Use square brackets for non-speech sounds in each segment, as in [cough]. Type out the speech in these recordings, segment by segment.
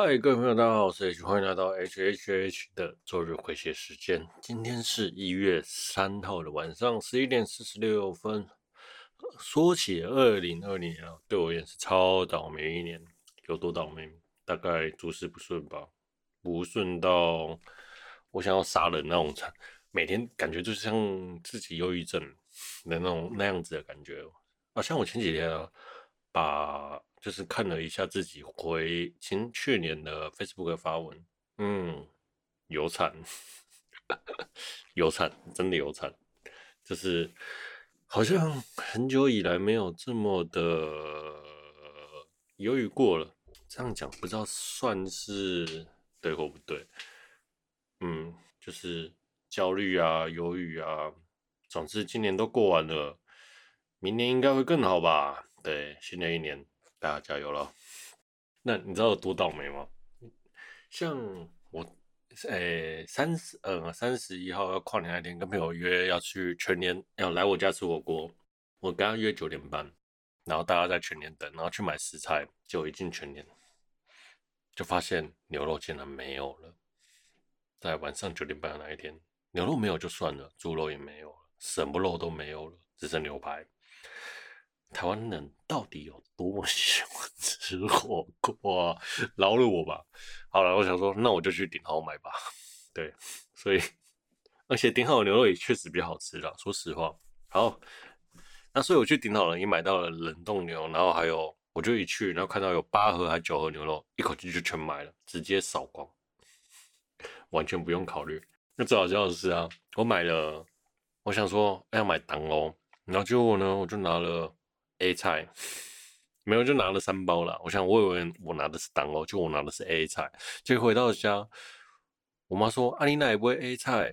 嗨，Hi，各位朋友，大家好，我是 H，C，歡迎來到 H H H 的週日回血時間。今天是一月三號的晚上十一點四十六分，說起二零二零年啊，對我也是超倒霉一年，有多倒霉？大概諸事不順吧，不順到我想要殺人那種慘。每天感覺就像自己憂鬱症的那種那樣子的感覺啊，像我前幾天啊，把，就是看了一下自己回顧去年的 Facebook 發文，嗯，有慘 [laughs] 有慘，真的有慘。就是好像很久以來沒有這麼的憂鬱過了。這樣講不知道算是對或不對。嗯，就是焦慮啊、憂鬱啊，總之今年都過完了，明年應該會更好吧？對，新的一年。大家加油了。那你知道有多倒霉嗎？像我，誒、欸，三十，呃，呃三十一號要跨年那天，跟朋友約要去全年，要來我家吃火鍋。我跟他約九點半，然後大家在全年等，然後去買食材。就已經全年，就發現牛肉竟然沒有了。在晚上九點半的那一天，牛肉沒有就算了，豬肉也沒有了，什麼肉都沒有了，只剩牛排。台灣人到底有多喜歡吃火鍋啊？饒了我吧。好了，我想說，那我就去頂好買吧。對，所以而且頂好的牛肉也確實比較好吃的，說實話。好，那所以我去頂好了，也買到了冷凍牛，然後還有我就一去，然後看到有八盒還九盒牛肉，一口氣就全買了，直接掃光，完全不用考慮，那最好笑的是啊。我買了，我想說，哎、欸，要買糖哦，然後結果呢，我就拿了。A 菜沒有，就拿了三包了。我想，我以為我拿的是黨歐，就我拿的是 A 菜。結果回到家，我媽說：“阿、啊、你那也不會 A 菜。”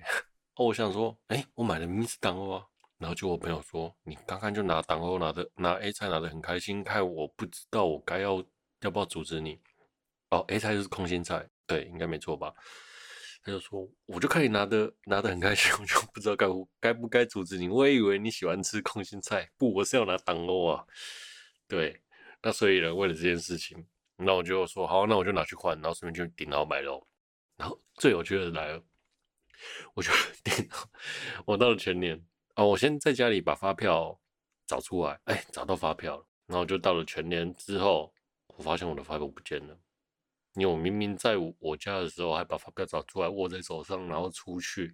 哦，我想說，哎，我買的明明是黨歐啊。然後就我朋友說：“你剛剛就拿黨歐拿的，拿 A 菜拿的很開心，害我不知道我該要要不要阻止你。哦”哦，A 菜就是空心菜，對，應該沒錯吧。他就說，我就看你拿的拿的很開心，我就不知道該該不該阻止你。我也以為你喜歡吃空心菜，不，我是要拿蛋糕啊。對，那所以呢，為了這件事情，那我就說好、啊，那我就拿去換，然後順便就頂刀買咯。然後最有趣的來了，我就點我到了全年啊、哦，我先在家裡把發票找出來，哎，找到發票了，然後就到了全年之後，我發現我的發票不見了。因為我明明在我家的時候，還把發票找出來握在手上，然後出去，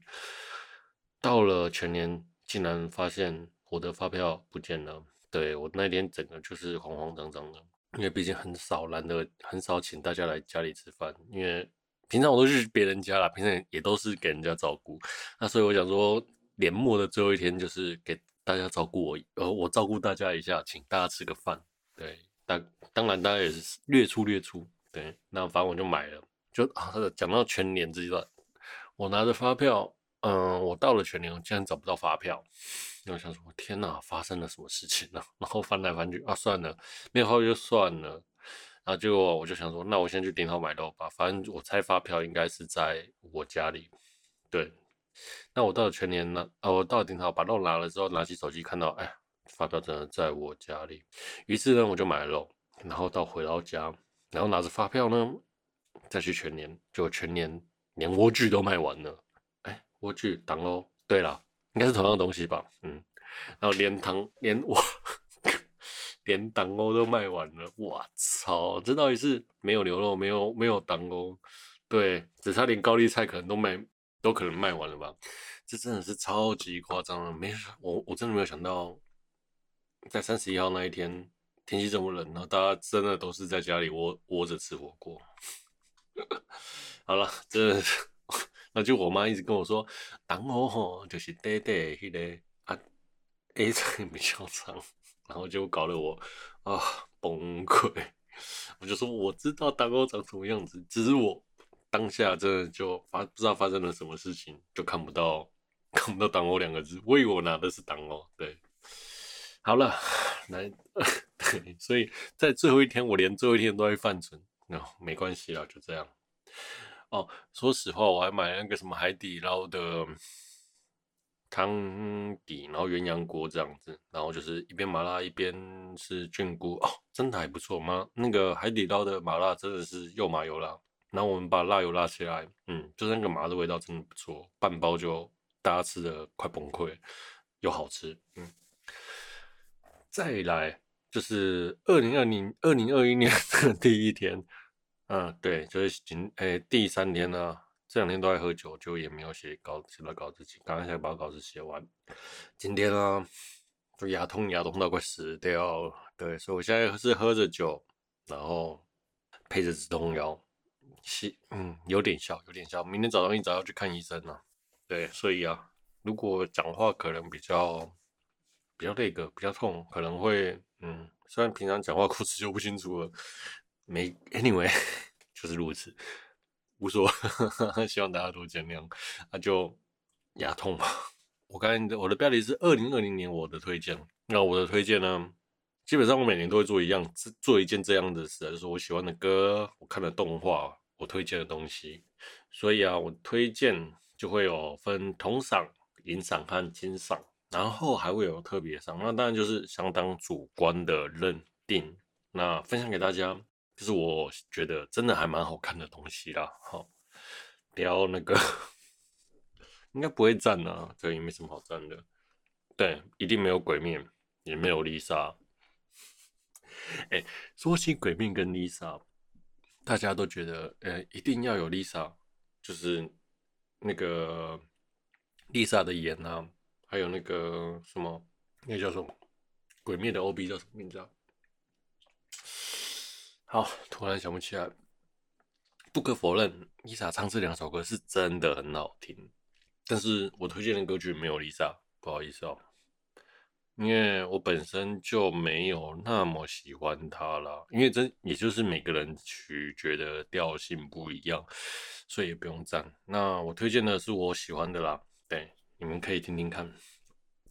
到了全年竟然發現我的發票不見了。對，我那天整個就是慌慌張張的，因為畢竟很少，難得很少請大家來家裡吃飯，因為平常我都去別人家啦，平常也都是給人家照顧。那所以我想說，年末的最後一天就是給大家照顧我，呃，我照顧大家一下，請大家吃個飯。對，當當然大家也是略粗略粗。對，那反正我就買了，就、啊、講到全年這一段，我拿着發票，嗯，我到了全年，我竟然找不到發票，那我想說，天哪，發生了什麼事情呢、啊？然後翻來翻去，啊，算了，沒有後來就算了。然後結果我就想說，那我先去頂好買肉吧，反正我猜發票應該是在我家裡。對，那我到了全年呢、呃，我到了頂好，把肉拿了之後，拿起手機看到，哎，發票真的在我家裡。於是呢，我就買了肉，然後到回到家。然後拿着發票呢，再去全年，就全年連萵苣都賣完了。哎，萵苣黨哦，對了，應該是同樣的東西吧？嗯，然後連糖連哇，連黨歐都賣完了。我操，這到底是沒有牛肉，沒有沒有黨歐，對，只差點高麗菜可能都賣都可能賣完了吧？這真的是超級誇張了。沒，我我真的沒有想到，在三十一號那一天。天氣這麼冷，然後大家真的都是在家裡窩窩着吃火鍋。 [laughs] 好了，真的， [laughs] 那就我媽一直跟我說“當 [music] 我吼，就是爹爹的那個啊，A 字比較長， [laughs] 然後就搞得我啊崩潰。 [laughs] 我就說我知道“當我長什麼樣子，只是我當下真的就發不知道發生了什麼事情，就看不到看不到“當我”兩個字，為我拿的是“當我”對。 [laughs] 好了，來。 [laughs] [laughs] 所以在最後一天，我連最後一天都會犯蠢。後、no, 沒關係啊，就這樣。哦，說實話，我還買了那個什麼海底撈的湯底，然後鴛鴦鍋這樣子，然後就是一邊麻辣，一邊是菌菇哦，真的還不錯嗎？那個海底撈的麻辣真的是又麻又辣。然後我們把辣油拉起來，嗯，就是那個麻的味道真的不錯，半包就大家吃的快崩潰，又好吃，嗯。再來。就是二零二零二零二一年的第一天，嗯，對，就是今誒第三天呢、啊，這兩天都在喝酒，就也沒有寫稿，寫了稿子，剛剛才把稿子寫完。今天呢、啊，就牙痛，牙痛到快死掉，對，所以我現在是喝着酒，然後配着止痛藥，嗯，有點效，有點效。明天早上一早要去看醫生呢、啊，對，所以啊，如果講話可能比較。比較累個，比較痛，可能會嗯，雖然平常講話口齒就不清楚了，沒 anyway，就是如此，無所謂，希望大家多見諒。那、啊、就牙痛吧。我剛才我的標題是二零二零年的我的推薦，那我的推薦呢，基本上我每年都會做一樣，做一件這樣的事，就是我喜歡的歌，我看的動畫，我推薦的東西。所以啊，我推薦就會有分銅賞、銀賞和金賞。然後還會有特別賞，那當然就是相當主觀的認定。那分享給大家，就是我覺得真的還蠻好看的東西啦。好、哦，不要那個，應該不會贊啊，這個也沒什麼好贊的。對，一定沒有鬼滅，也沒有麗莎。哎，說起鬼滅跟麗莎，大家都覺得，呃、哎，一定要有麗莎，就是那個麗莎的顏啊。還有那個什麼，那個叫什麼鬼滅的 O B 叫什麼名字啊？好，突然想不起來。不可否認，Lisa 唱這兩首歌是真的很好聽，但是我推薦的歌曲沒有 Lisa，不好意思哦，因為我本身就沒有那麼喜歡她啦，因為真也就是每個人取覺得調性不一樣，所以也不用讚。那我推薦的是我喜歡的啦。你們可以聽聽看。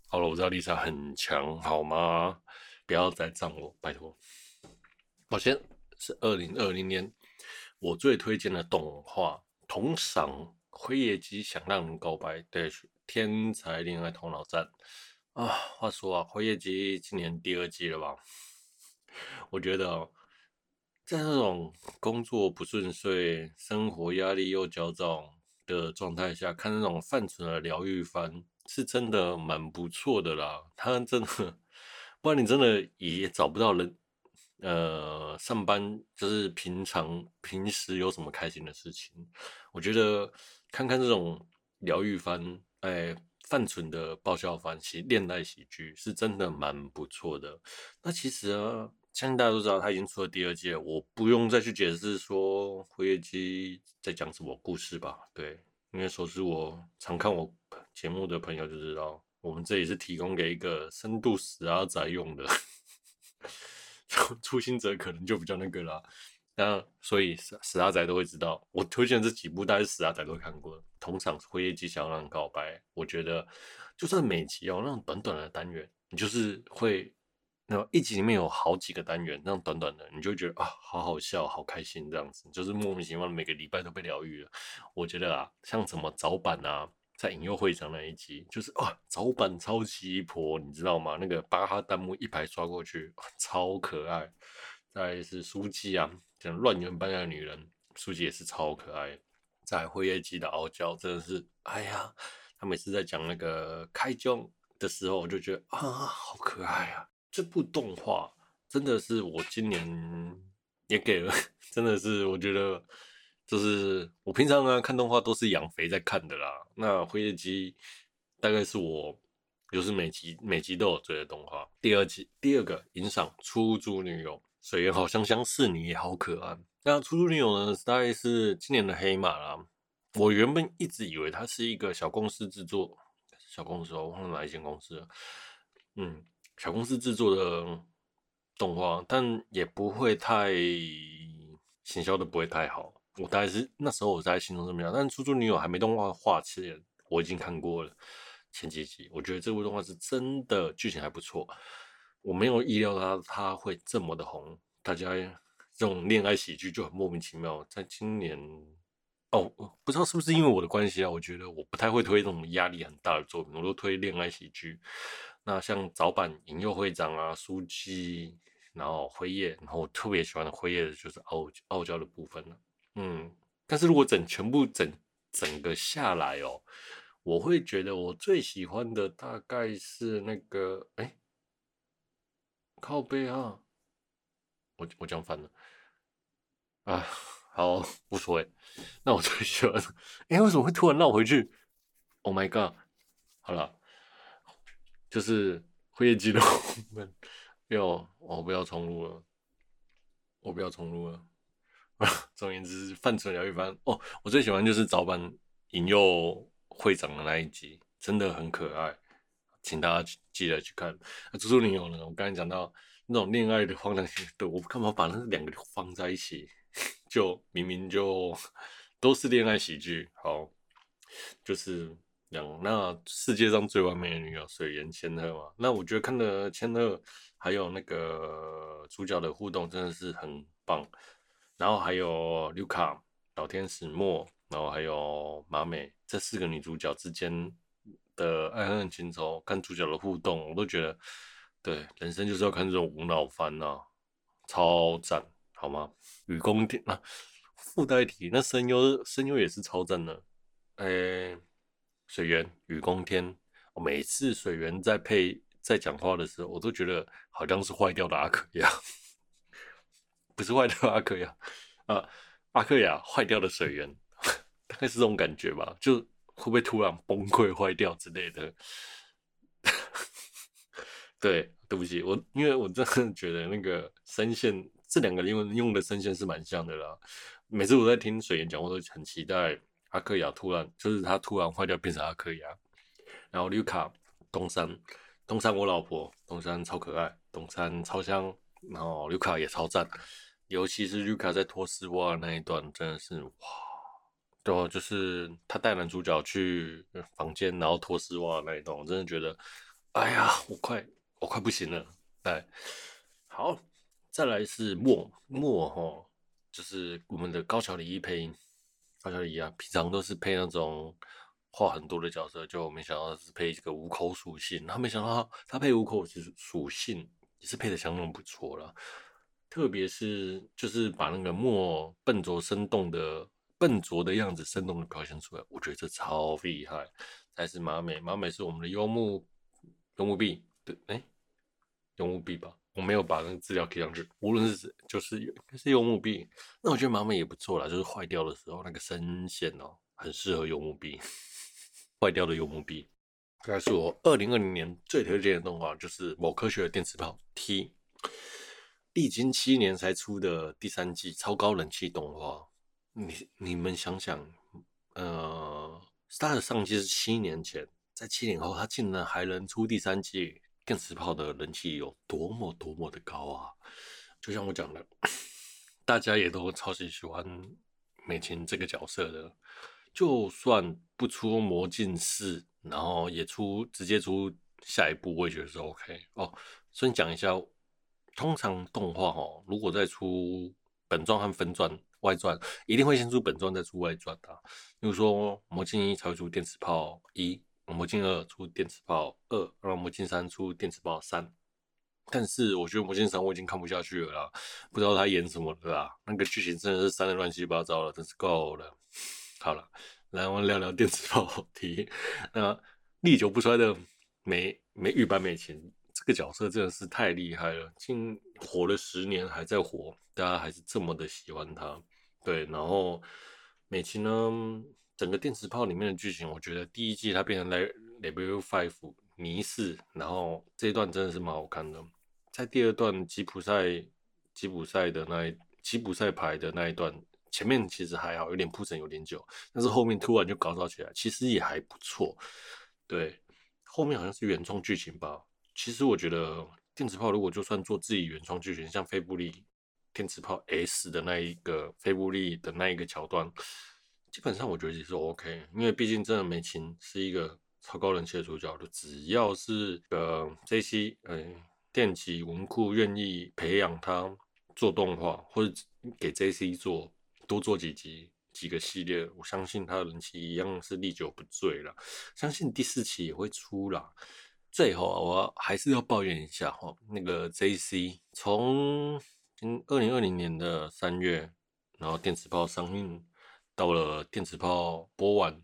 好了，我知道麗莎很強，好嗎？不要再贊我，拜托。我、哦、先是二零二零年我最推薦的動畫，同賞《輝夜姬想讓人告白》但是天才戀愛頭腦戰》啊。話說啊，《輝夜姬》今年第二季了吧？我覺得在這種工作不順遂、生活壓力又焦躁的狀態下看那種犯蠢的療癒番，是真的蠻不錯的啦。他真的，不然你真的也找不到人。呃，上班就是平常平時有什麼開心的事情，我覺得看看這種療癒番，哎、欸，犯蠢的爆笑番，喜戀愛喜劇，是真的蠻不錯的。那其實啊。相信大家都知道，它已經出了第二季了。我不用再去解釋說《輝夜姬》在講什麼故事吧。對，因為說是我常看我節目的朋友就知道，我們這裡是提供給一個深度死阿宅用的。 [laughs] 初心者可能就比較那個啦。那所以死死阿宅都會知道，我推薦這幾部，但是死阿宅都會看過。通常《輝夜姬》想要讓你告白，我覺得就算每集有、哦、那種短短的單元，你就是會。那個一集裡面有好幾個單元，那樣短短的，你就覺得啊，好好笑，好開心，這樣子就是莫名其妙，每個禮拜都被療癒了。我覺得啊，像什麼早版啊，在引誘會長那一集，就是啊，早版超級一婆，你知道嗎？那個巴哈彈幕一排刷過去，啊，超可愛。再來是書記啊，講亂源般的女人，書記也是超可愛。在輝夜姬的傲嬌，真的是哎呀，她每次在講那個開嬌的時候，我就覺得啊，好可愛啊。這部動畫真的是我今年也給了，真的是我覺得就是我平常啊看動畫都是養肥在看的啦。那輝夜姬，大概是我又、就是每集每集都有追的動畫。第二集，第二個影響出租女友》，水原好香香，是你，也好可愛。那《出租女友》呢，大概是今年的黑馬啦。我原本一直以為它是一個小公司制作，小公司、哦、我忘了哪一間公司了，嗯。小公司製作的動畫，但也不會太行銷的，不會太好。我大概是那時候我在心中這麼想，但《出租女友》還沒動畫化之前，我已經看過了前幾集。我覺得這部動畫是真的劇情還不錯。我沒有意料到它，它會這麼的紅，大家這種戀愛喜劇就很莫名其妙。在今年，哦，不知道是不是因為我的關係啊？我覺得我不太會推這種壓力很大的作品，我都推戀愛喜劇。那像早坂引誘會長啊，書記，然後輝夜，然後我特別喜歡的輝夜的就是傲傲嬌的部分了、啊，嗯，但是如果整全部整整個下來哦，我會覺得我最喜歡的大概是那個，哎，靠北啊，我我講反了，啊，好，無所謂，那我最喜歡的，哎，為什麼會突然繞回去？Oh my god，好了。就是輝夜姬龍們，要、哦，我不要重錄了，我不要重錄了。啊，總而言之，範丞良一番哦，我最喜歡就是早班引誘會長的那一集，真的很可愛，請大家記得去看。啊，豬豬女友呢，我剛才講到那種戀愛的荒唐，對，我幹嘛把那兩個放在一起？就明明就都是戀愛喜劇，好，就是。兩那世界上最完美的女友水原千鶴嘛，那我覺得看了千鶴還有那個主角的互動真的是很棒，然後還有露卡、老天使墨，然後還有馬美這四個女主角之間的愛恨情仇，看主角的互動，我都覺得對人生就是要看這種無腦番吶、啊，超讚好嗎？雨宮電啊，附帶題那聲優聲優也是超讚的，欸水源雨公天，哦，每次水源在配在講話的時候，我都覺得好像是壞掉的阿克亞， [laughs] 不是壞掉阿克亞，啊，阿克亞壞掉的水源， [laughs] 大概是這種感覺吧，就會不會突然崩潰壞掉之類的。 [laughs] 對，對不起，我因為我真的覺得那個聲線，這兩個英文用的聲線是蠻像的啦，每次我在聽水源講話，都很期待。阿克雅突然就是他突然壞掉變成阿克雅。然後綠卡東山東山我老婆東山超可愛東山超香，然後綠卡也超讚，尤其是綠卡在脫絲襪那一段真的是哇，對哦、啊、就是他帶男主角去房間然後脫絲襪那一段我真的覺得哎呀我快我快不行了哎。好再來是莫莫吼就是我們的高橋李依配音，大家一樣，平常都是配那種話很多的角色，就沒想到是配這個無口屬性。然後沒想到他，他配無口屬屬性也是配的相當不錯了，特別是就是把那個墨笨拙生動的笨拙的樣子生動的表現出來，我覺得這超厲害。還是馬美，馬美是我們的幽默幽默幣，對，哎，幽默幣、欸、吧。我沒有把那個資料貼上去。無論是誰，就是應該是用悠木碧，那我覺得媽媽也不錯啦。就是壞掉的時候，那個聲線哦，很適合用悠木碧。壞掉的用悠木碧，那是我二零二零年最推薦的動畫，就是《某科學的電磁炮 T》。歷經七年才出的第三季超高人氣動畫，你你們想想，呃，它的上季是七年前，在七年後，它竟然還能出第三季。電磁炮的人氣有多麼多麼的高啊！就像我講的，大家也都超級喜歡美琴這個角色的。就算不出魔禁四，然後也出直接出下一部，我也覺得是 OK 哦。順講一下，通常動畫哦，如果再出本傳和分傳、外傳，一定會先出本傳，再出外傳的啊。比如說《魔禁一》才會出《電磁炮一》。魔禁二出電磁炮二，啊，讓魔禁三出電磁炮三。但是我覺得魔禁三我已經看不下去了啦，不知道他演什麼了啊。那個劇情真的是刪得亂七八糟了，真是夠了。好了，來我們聊聊電磁炮好題。那歷久不衰的美美御坂美琴這個角色真的是太厲害了，竟火了十年還在火，大家還是這麼的喜歡她。對，然後美琴呢，整個電磁炮裡面的劇情，我覺得第一季它變成 Level 5、迷式，然後這一段真的是蠻好看的。在第二段吉普賽吉普賽的那吉普賽牌的那一段，前面其實還好，有點鋪陳有點久，但是後面突然就搞笑起來，其實也還不錯。對，後面好像是原創劇情吧。其實我覺得電磁炮如果就算做自己原創劇情，像菲布利電磁炮 S 的那一個菲布利的那一個橋段。基本上我覺得也是 OK，因為畢竟真的美琴是一個超高人氣的主角了。就只要是呃 J C 呃，電擊文庫願意培養他做動畫，或者給 J C 做多做幾集幾個系列，我相信他的人氣一樣是歷久不衰了。相信第四期也會出啦。最後啊，我還是要抱怨一下哈，那個 J C 從今二零二零年的三月，然後電磁炮上映。到了電磁炮播完，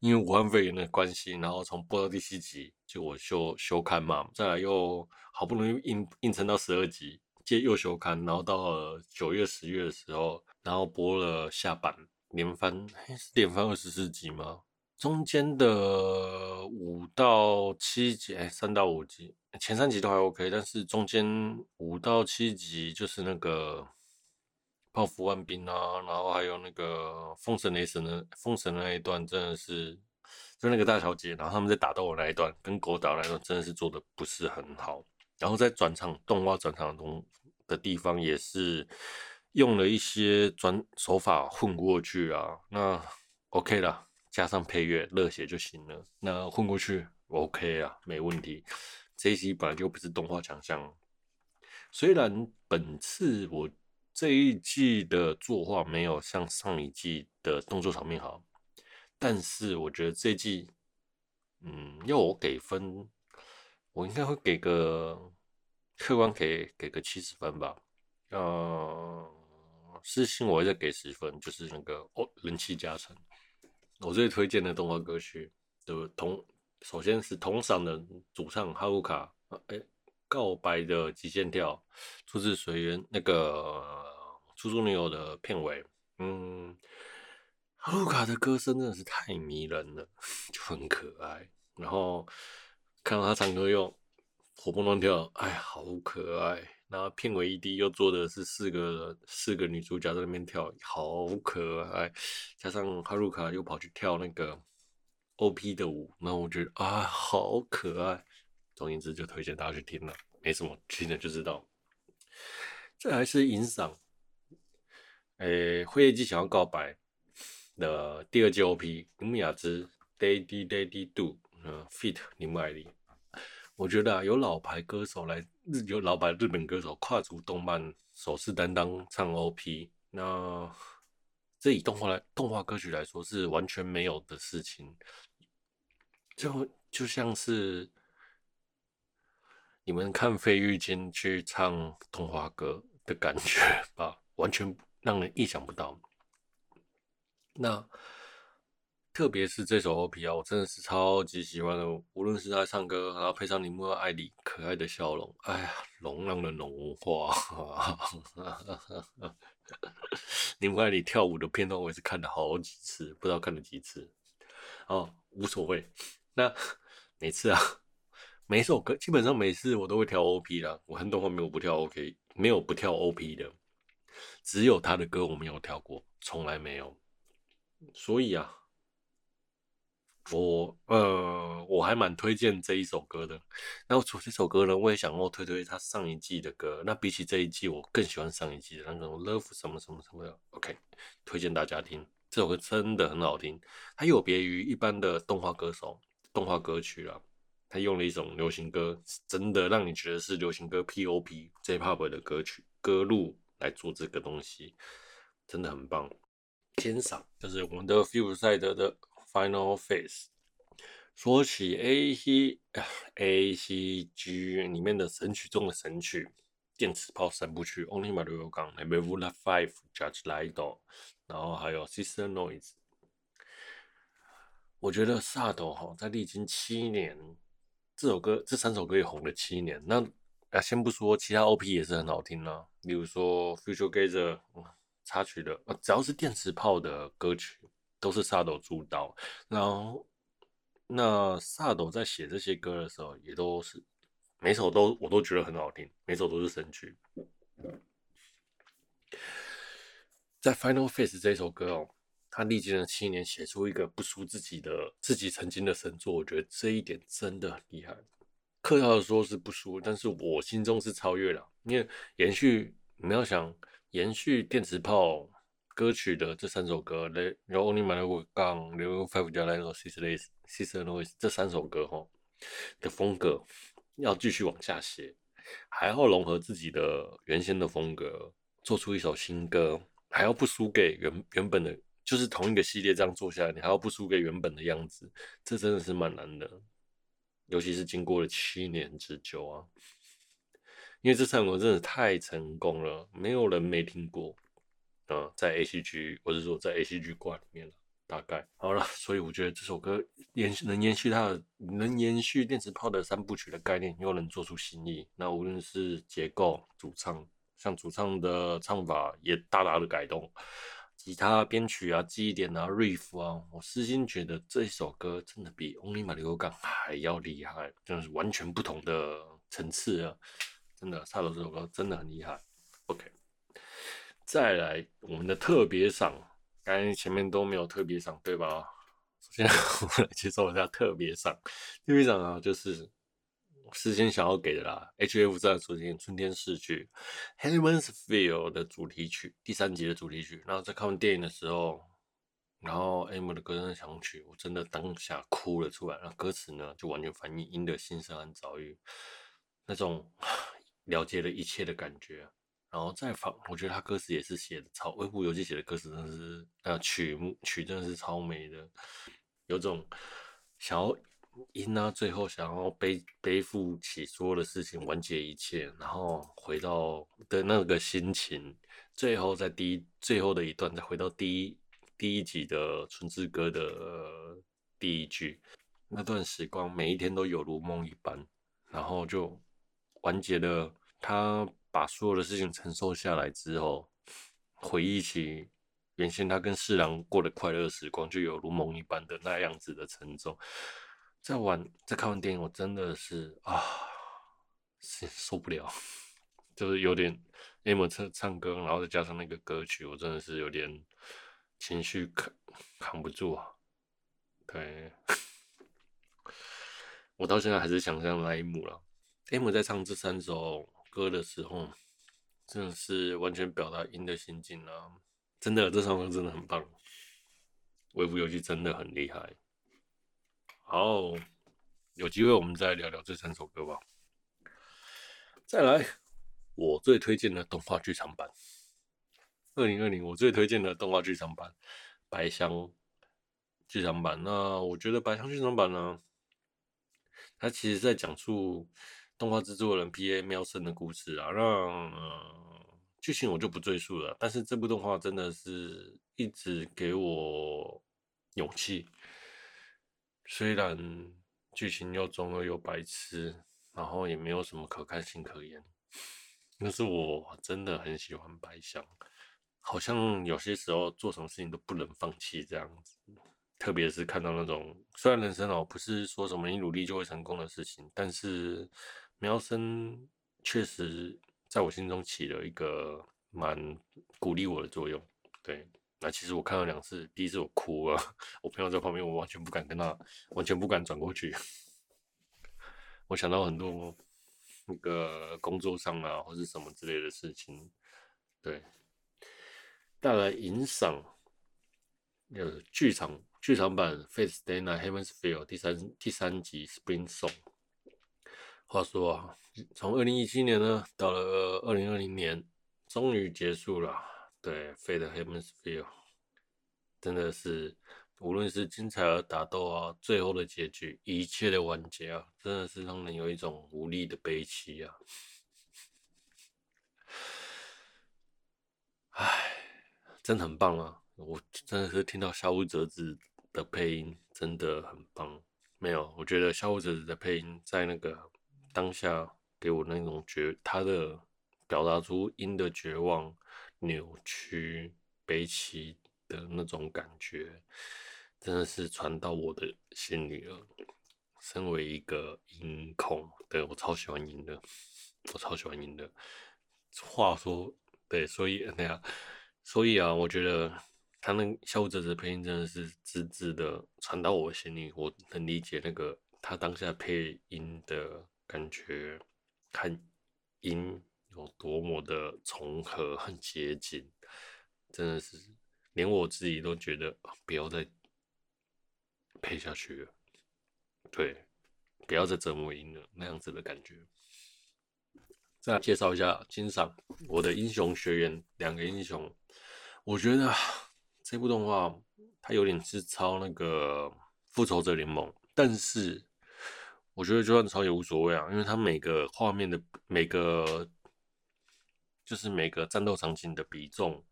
因為武漢肺炎的關係，然後從播到第七集就我休休刊嘛，再來又好不容易硬硬撐到十二集，接又休刊，然後到了九月十月的時候，然後播了下半連番，欸、是連番二十四集嗎？中間的五到七集，哎、欸，三到五集，前三集都還 OK，但是中間五到七集就是那個。奧弗萬兵啊，然後還有那個封神雷神的封神那一段真的是，就那個大小姐，然後他們在打鬥的那一段，跟狗島那一真的是做的不是很好。然後在轉場動畫轉場中的，的地方也是用了一些轉手法混過去啊，那 OK 了，加上配樂熱血就行了，那混過去 OK 啊，沒問題。這一 c 本來就不是動畫強項，雖然本次我。這一季的作畫沒有像上一季的動作場面好，但是我覺得這一季，嗯，要我給分，我應該會給個客觀給給個七十分吧。呃，私心我再給十分，就是那個哦人氣加成。我最推薦的動畫歌曲的同首先是同賞的主唱哈魯卡，哎、欸，告白的極限跳，出自隨緣那個。出租女友的片尾，嗯，哈魯卡的歌聲真的是太迷人了，就很可愛。然後看到她唱歌又活蹦亂跳，哎，好可愛。那片尾 ED 又做的是四個四個女主角在那邊跳，好可愛。加上哈魯卡又跑去跳那個 OP 的舞，那我覺得啊，好可愛。總言之，就推薦大家去聽了，沒什麼聽了就知道。這還是銀賞。誒，輝夜姬想要告白的第二季 OP，鈴木雅之 Daddy Daddy Do》feat. 鈴木愛理我覺得啊，有老牌歌手來，有老牌日本歌手跨足動漫，首次擔當唱 OP，那這以動畫來動畫歌曲來說是完全沒有的事情，就就像是你們看費玉清去唱動畫歌的感覺吧，完全不。讓人意想不到。那特別是這首 OP 啊，我真的是超級喜歡的。無論是他唱歌，然後配上鈴木愛里可愛的笑容，哎呀，容讓人融化。哈哈哈哈哈。鈴木愛里跳舞的片段，我也是看了好幾次，不知道看了幾次哦，無所謂。那每次啊，每首歌基本上每次我都會跳 OP 啦。我很多畫面，我不跳 OK，沒有不跳 OP 的。只有他的歌我沒有跳過，從來沒有。所以啊，我呃我還蠻推薦這一首歌的。那我出這首歌呢，我也想我推推他上一季的歌。那比起這一季，我更喜歡上一季的那個 Love 什麼什麼什麼的。OK，推薦大家聽，這首歌真的很好聽。它有別於一般的動畫歌手、動畫歌曲啊，它用了一種流行歌，真的讓你覺得是流行歌 POP、J-Pop 的歌曲，歌路。來做這個東西，真的很棒。鑑賞就是我們的 fripSide 的 Final Phase 說起 A C A C G 裡面的神曲中的神曲，《電磁炮三部曲》only my railgun、LEVEL5、judgelight，然後還有 Sister Noise。我覺得薩豆吼，在歷經七年，這首歌這三首歌也紅了七年。那啊，先不說其他，OP 也是很好聽呢，啊。比如說《Future Gazer》，嗯，插曲的，啊，只要是電磁炮的歌曲，都是薩斗主導。然後，那薩斗在寫這些歌的時候，也都是每首都我都覺得很好聽，每首都是神曲。在《Final Phase》這首歌哦，他歷經了七年，寫出一個不輸自己的，自己曾經的神作，我覺得這一點真的很厲害。客套的說是不輸，但是我心中是超越了。因為延續，你要想延續電磁炮歌曲的這三首歌 [music] ，only my railgun、LEVEL5 -judgelight-、sister's noise 這三首歌吼的風格，要繼續往下寫，還要融合自己的原先的風格，做出一首新歌，還要不輸給原原本的，就是同一個系列這樣做下來，你還要不輸給原本的樣子，這真的是蠻難的。尤其是經過了七年之久啊，因為這首歌真的太成功了，沒有人沒聽過啊、呃，在 ACG 或者說在 ACG 掛裡面了，大概好了，所以我覺得這首歌延續能延續它，的，能延續電磁炮的三部曲的概念，又能做出新意。那無論是結構、主唱，像主唱的唱法也大大的改動。吉他編曲啊，記憶點啊，riff 啊，我私心覺得這一首歌真的比《Only My Railgun》還要厲害，真的是完全不同的層次啊！真的，殺手這首歌真的很厲害。OK，再來我們的特別賞，剛剛前面都沒有特別賞對吧？首先我們來介紹一下特別賞。特別賞呢，就是。事先想要給的啦，H.F. 在昨天春天逝去 Heaven's Feel 的主題曲，第三集的主題曲。然後在看完電影的時候，然後 M 的歌聲響起，我真的當下哭了出來。那歌詞呢，就完全反映音的心聲和遭遇，那種了解了一切的感覺。然後再放，我覺得他歌詞也是寫的超，梶浦由記寫的歌詞真是，那曲目曲真的是超美的，有種想要。因他最後想要背背負起所有的事情，完結一切，然後回到的那個心情，最後在第最後的一段，再回到第一第一集的，純哥的《春之歌》的第一句，那段時光，每一天都有如夢一般，然後就完結了。他把所有的事情承受下來之後，回憶起原先他跟四郎過的快樂時光，就有如夢一般的那樣子的沉重。在玩，在看完電影，我真的是啊心，受不了，就是有點 M 唱唱歌，然後再加上那個歌曲，我真的是有點情緒扛扛不住啊。對，我到現在還是想象那一幕了。M 在唱這三首歌的時候，真的是完全表達音的心境啊，真的，這三首歌真的很棒，微服遊戲真的很厲害。好，有機會我們再聊聊這三首歌吧。再來，我最推薦的動畫劇場版《二零二零》，我最推薦的動畫劇場版《白箱》劇場版。那我覺得《白箱》劇場版呢，它其實在講述動畫制作人 P.A. 喵生的故事啊，讓、呃、劇情我就不贅述了。但是這部動畫真的是一直給我勇氣。雖然劇情又中二又白痴，然後也沒有什麼可看性可言，但是我真的很喜歡白翔。好像有些時候做什麼事情都不能放棄這樣子，特別是看到那種，雖然人生哦，不是說什麼你努力就會成功的事情，但是喵生確實在我心中起了一個蠻鼓勵我的作用，對。那其實我看了兩次，第一次我哭了。我朋友在旁邊，我完全不敢跟他，完全不敢轉過去。我想到很多那個工作上啊，或是什麼之類的事情，對。帶來影賞有劇場劇場版《Fate/stay night》《Heaven's Feel》第三第三集《Spring Song》。話說啊，從二零一七年呢，到了二零二零年，終於結束了。對，《Fate Heaven's Feel》真的是，無論是精彩而打鬥啊，最後的結局，一切的完結啊，真的是讓人有一種無力的悲慼啊！唉，真的很棒啊！我真的是聽到下屋則子的配音真的很棒，沒有，我覺得下屋則子的配音在那個當下給我那種絕，他的表達出音的絕望。扭曲悲悽的那種感覺，真的是傳到我的心裡了。身為一個音控，對，我超喜歡音的，我超喜歡音的。話說，對，所以那樣、啊，所以啊，我覺得他那小五子的配音真的是字字的傳到我的心裡，我能理解那個他當下配音的感覺，很音。有多麼的重合和接近，真的是連我自己都覺得不要再配下去了。對，不要再折磨人了那樣子的感覺。再來介紹一下，欣賞我的英雄學院兩個英雄。我覺得這部動畫它有點是抄那個復仇者聯盟，但是我覺得就算抄也無所謂啊，因為它每個畫面的每個。就是每個戰鬥場景的比重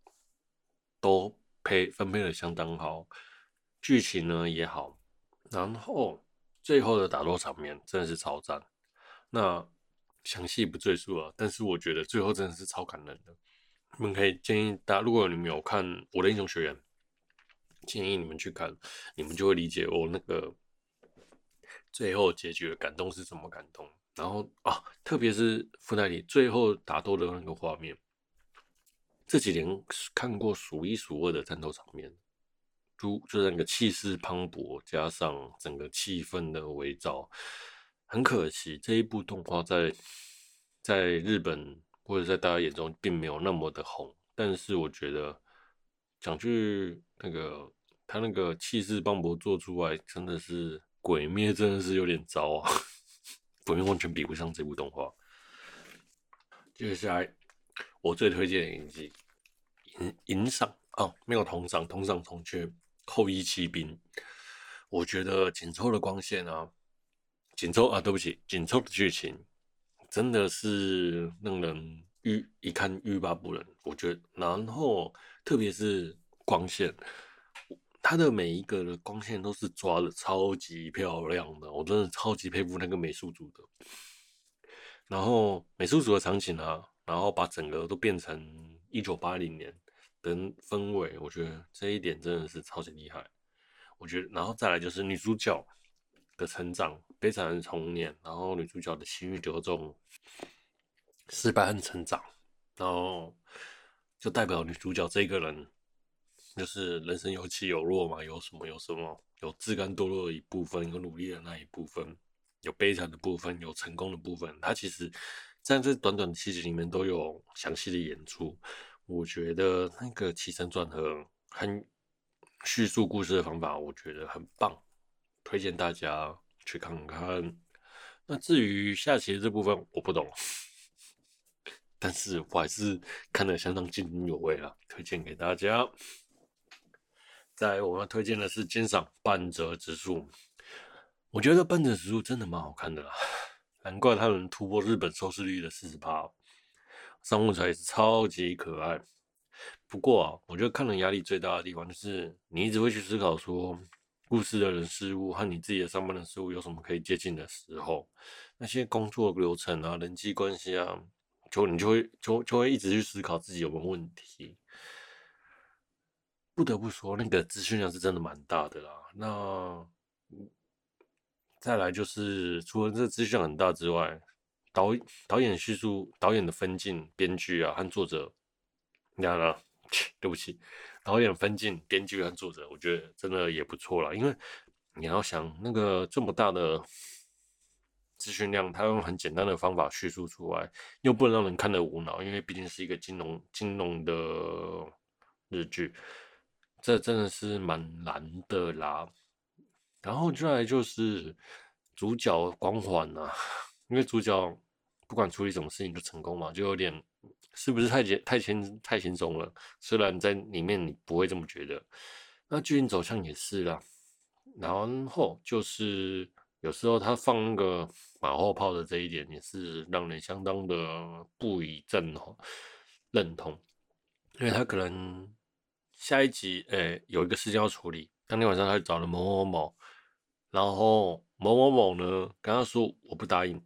都配分配的相當好，劇情呢也好，然後最後的打鬥場面真的是超讚，那詳細不贅述了，但是我覺得最後真的是超感人的，你們可以建議大家，如果你們有看《我的英雄學院》，建議你們去看，你們就會理解我那個最後結局的感動是怎麼感動。然後啊，特別是傅奈里最後打鬥的那個畫面，這幾年看過數一數二的戰鬥場面，就就那個氣勢磅礴，加上整個氣氛的營造，很可惜這一部動畫在在日本或者在大家眼中並沒有那麼的紅，但是我覺得講句那個他那個氣勢磅礴做出來真的是《鬼滅》，真的是有點糟啊。本片完全比不上這部動畫。接下來，我最推薦的影集，銀銀賞啊，沒有銅賞，銅賞銅缺，《後翼棄兵》。我覺得緊湊的光線啊，緊湊啊，對不起，緊湊的劇情真的是讓人欲一看欲罷不能。我覺得，然後特別是光線。它的每一個的光線都是抓的超級漂亮的，我真的超級佩服那個美術組的。然後美術組的場景啊，然後把整個都變成一九八零年的氛圍，我覺得這一點真的是超級厲害。我覺得，然後再來就是女主角的成長，悲慘的童年，然後女主角的七遇九重、失敗和成長，然後就代表女主角這個人。就是人生有起有落嘛，有什麼有什麼，有自甘墮落的一部分，有努力的那一部分，有悲慘的部分，有成功的部分。它其實在這短短的七十裡面都有詳細的演出。我覺得那個起承轉合，很敘述故事的方法，我覺得很棒，推薦大家去看看。那至於下棋這部分我不懂，但是我還是看得相當津津有味了、啊，推薦給大家。再來我們要推薦的是《鑑賞半澤直樹》，我覺得《半澤直樹》真的蠻好看的啦，難怪它能突破日本收視率的四十八。上戶彩也是超級可愛。不過啊，我覺得看了壓力最大的地方，就是你一直會去思考說，故事的人事物和你自己的上班的人事物有什麼可以接近的時候，那些工作流程啊、人際關係啊，就你就會就就會一直去思考自己有沒有問題。不得不說，那個資訊量是真的蠻大的啦。那再來就是，除了這資訊量很大之外，導導演敘述、導演的分鏡、編劇啊和作者，你看啦，對不起，導演分鏡、編劇和作者，我覺得真的也不錯啦。因為你要想，那個這麼大的資訊量，他用很簡單的方法敘述出來，又不能讓人看得無腦，因為畢竟是一個金融金融的日劇。這真的是蠻難的啦，然後再來就是主角光環啊，因為主角不管處理什麼事情都成功嘛，就有點是不是太簡太輕太輕鬆了？雖然在裡面你不會這麼覺得，那劇情走向也是啦，然後就是有時候他放那個馬後炮的這一點也是讓人相當的不以正同，認同，因為他可能。下一集，哎、欸，有一個事情要處理。當天晚上，他就找了某某某，然後某某某呢，跟他說我不答應。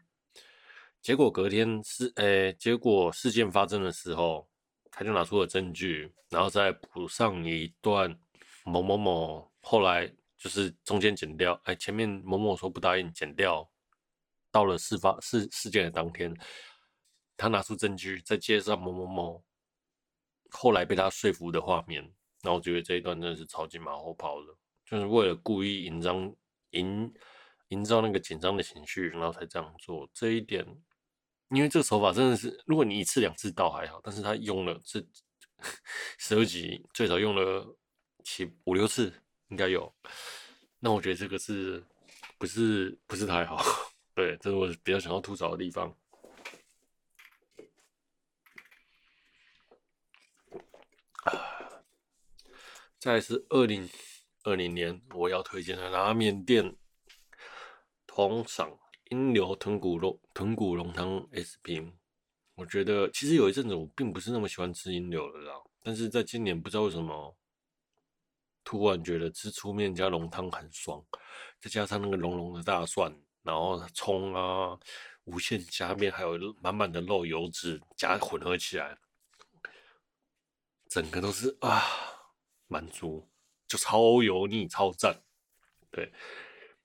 結果隔天事，哎、欸，結果事件發生的時候，他就拿出了證據，然後再補上一段某某某後來就是中間剪掉，哎、欸，前面某某說不答應，剪掉。到了事發事事件的當天，他拿出證據，再介紹某某某後來被他說服的畫面。那我覺得這一段真的是超級馬後炮的，就是為了故意營造營營造那個緊張的情緒，然後才這樣做。這一點，因為這個手法真的是，如果你一次兩次倒還好，但是他用了這十二集，最少用了七五六次，應該有。那我覺得這個是不是不是太好？ [laughs] 對，這是我比較想要吐槽的地方。 [laughs] 再來是二零二零年，我要推薦的拉麵店——東京鷹流豚骨濃豚骨濃湯 SP。我覺得其實有一陣子我並不是那麼喜歡吃鷹流的啦，但是在今年不知道為什麼突然覺得吃粗麵加濃湯很爽，再加上那個濃濃的大蒜，然後蔥啊，無限加麵，還有滿滿的肉油脂，加混合起來，整個都是啊！滿足就超油膩，超讚，對，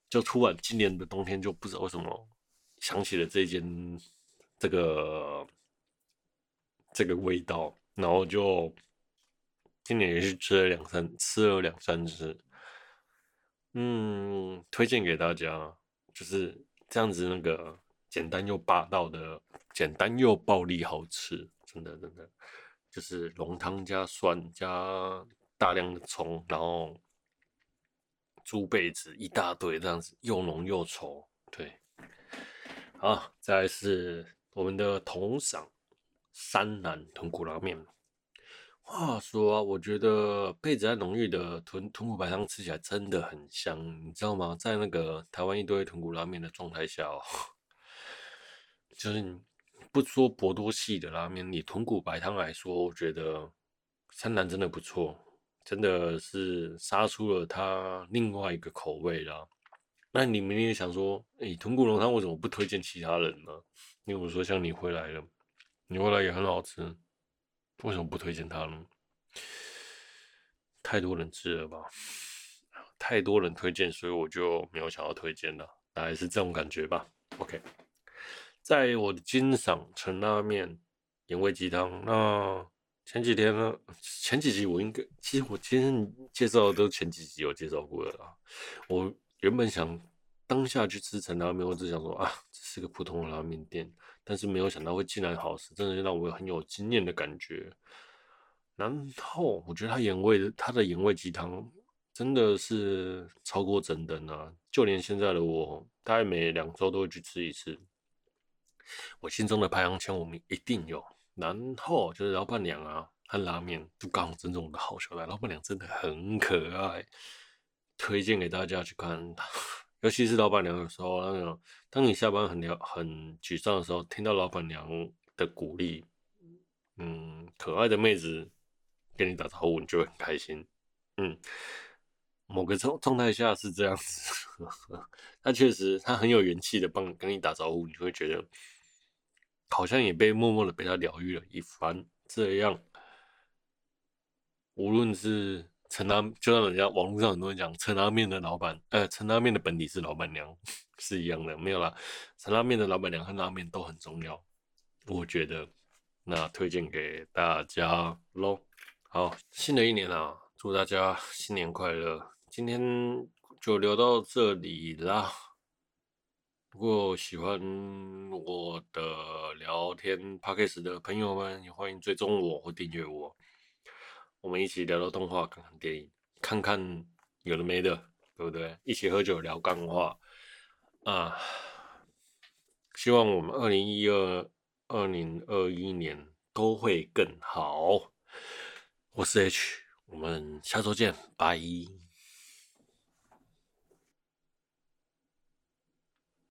就突然今年的冬天就不知道為什麼想起了這一間這個這個味道，然後就今年也是吃了兩三吃了兩三次。嗯，推薦給大家，就是這樣子那個簡單又霸道的，簡單又暴力，好吃，真的真的就是濃湯加蒜加。大量的蔥，然後豬背脂一大堆，這樣子又濃又稠。對，好，再來是我們的銅賞山嵐豚骨拉麵。話說啊，我覺得背脂還濃郁的豚豚骨白湯吃起來真的很香，你知道嗎？在那個台灣一堆豚骨拉麵的狀態下哦，就是不說博多系的拉麵，以豚骨白湯來說，我覺得山嵐真的不錯。真的是殺出了他另外一個口味啦，啊。那你明明想說，哎、欸，豚骨濃湯為什麼不推薦其他人呢？你比如說像你回來了，你回來也很好吃，為什麼不推薦他呢？太多人吃了吧，太多人推薦，所以我就沒有想要推薦了，大概是這種感覺吧。OK，在我的金賞，純拉麵、鹽味雞湯，那。前幾天呢，前幾集我應該，其實我今天介紹的都前幾集有介紹過了啊。我原本想當下去吃陳拉麵，我只想說啊，這是個普通的拉麵店，但是沒有想到會竟然好吃，真的讓我很有驚豔的感覺。然後我覺得他鹽味的，他的鹽味雞湯真的是超過整等啊，就連現在的我，大概每兩周都會去吃一次。我心中的排行前五名一定有。然後就是老闆娘啊，和拉麵都剛正我的好吃來，老闆娘真的很可愛，推薦給大家去看。尤其是老闆娘的時候，那種當你下班很聊很沮喪的時候，聽到老闆娘的鼓勵，嗯，可愛的妹子跟你打招呼，你就會很開心。嗯，某個狀狀態下是這樣子，她確實她很有元氣的幫你跟你打招呼，你會覺得。好像也被默默的被他療癒了一番，這樣，無論是陳拉，就像人家網絡上很多人講，陳拉麵的老闆，呃，陳拉麵的本體是老闆娘，是一樣的。沒有啦，陳拉麵的老闆娘和拉麵都很重要，我覺得。那推薦給大家嘍。好，新的一年啊，祝大家新年快樂！今天就聊到這裡啦。如果喜歡我的聊天 podcast 的朋友們，也歡迎追蹤我或訂閱我，我們一起聊聊動畫，看看電影，看看有的沒的，對不對？一起喝酒聊幹話啊！希望我們二零一二、二零二一年都會更好。我是 H，我們下周見，拜。